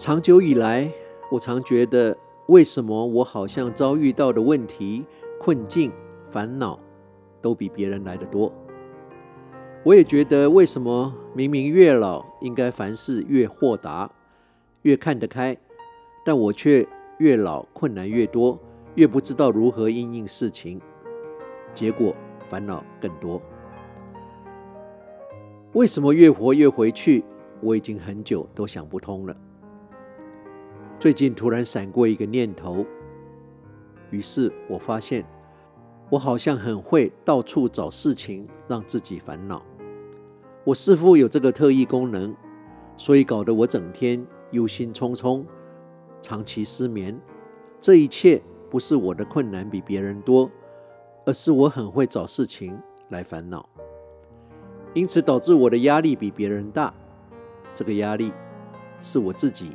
長久以來，我常覺得為什麼我好像遭遇到的問題、困境、煩惱都比別人來得多。我也覺得為什麼明明越老應該凡事越豁達、越看得開，但我卻越老困難越多，越不知道如何因應事情，結果煩惱更多。為什麼越活越回去？我已經很久都想不通了。最近突然閃過一個念頭，於是我發現，我好像很會到處找事情讓自己煩惱。我似乎有這個特異功能，所以搞得我整天憂心忡忡，長期失眠。這一切不是我的困難比別人多，而是我很會找事情來煩惱，因此導致我的壓力比別人大。這個壓力是我自己。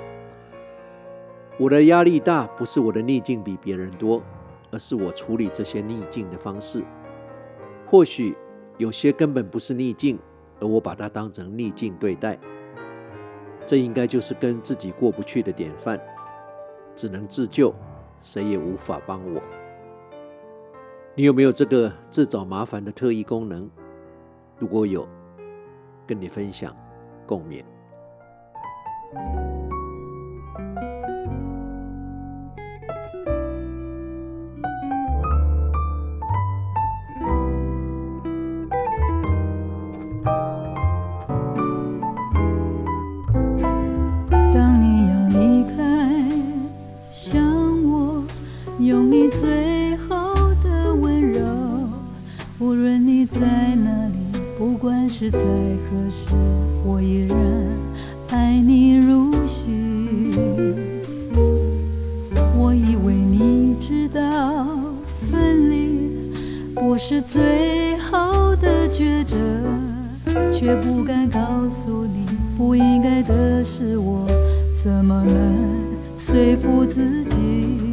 我的壓力大，不是我的逆境比別人多，而是我處理這些逆境的方式。或許有些根本不是逆境，而我把它當成逆境對待。這應該就是跟自己過不去的典範，只能自救，誰也無法幫我。你有沒有這個自找麻煩的特異功能？如果有，跟你分享，共勉。用你最後的溫柔，無論你在哪裡，不管是在何時，我依然愛你如昔。我以為你知道，分離不是最後的抉擇，卻不敢告訴你，不應該的是我，怎麼能說服自己？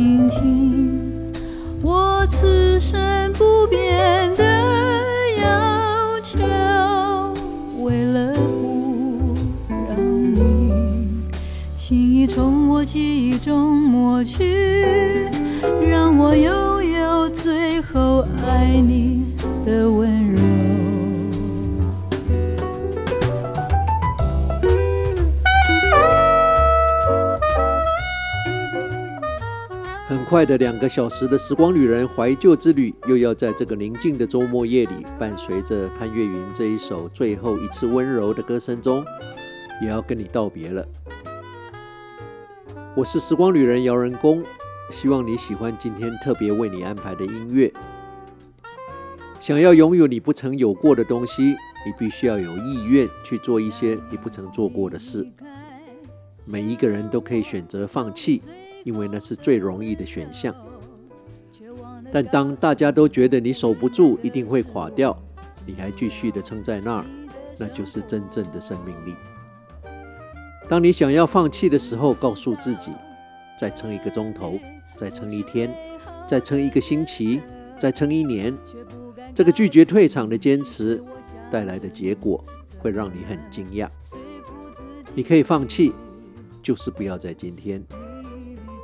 傾聽我此生不變的要求，為了不讓你輕易從我記憶中抹去，讓我擁有最後愛你的吻。快的兩個小時的時光旅人懷舊之旅，又要在這個寧靜的周末夜裡，伴隨着潘越雲這一首最後一次溫柔的歌聲中，也要跟你道別了。我是時光旅人姚人公，希望你喜歡今天特別為你安排的音樂。想要擁有你不曾有過的東西，你必須要有意願去做一些你不曾做過的事。每一個人都可以選擇放棄。因為那是最容易的選項，但當大家都覺得你守不住，一定會垮掉，你還繼續的撐在那兒，那就是真正的生命力。當你想要放棄的時候，告訴自己，再撐一個鐘頭，再撐一天，再撐一個星期，再撐一年，這個拒絕退場的堅持帶來的結果，會讓你很驚訝。你可以放棄，就是不要在今天。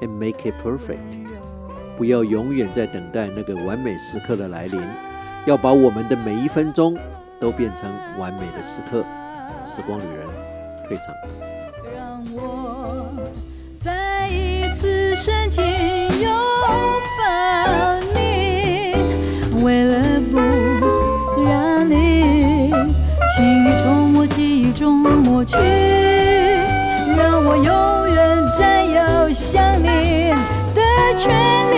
And make it perfect. 不要永遠在等待那個完美時刻的來臨，要把我們的每一分鐘都變成完美的時刻。時光旅人退場。佔有想你的權利。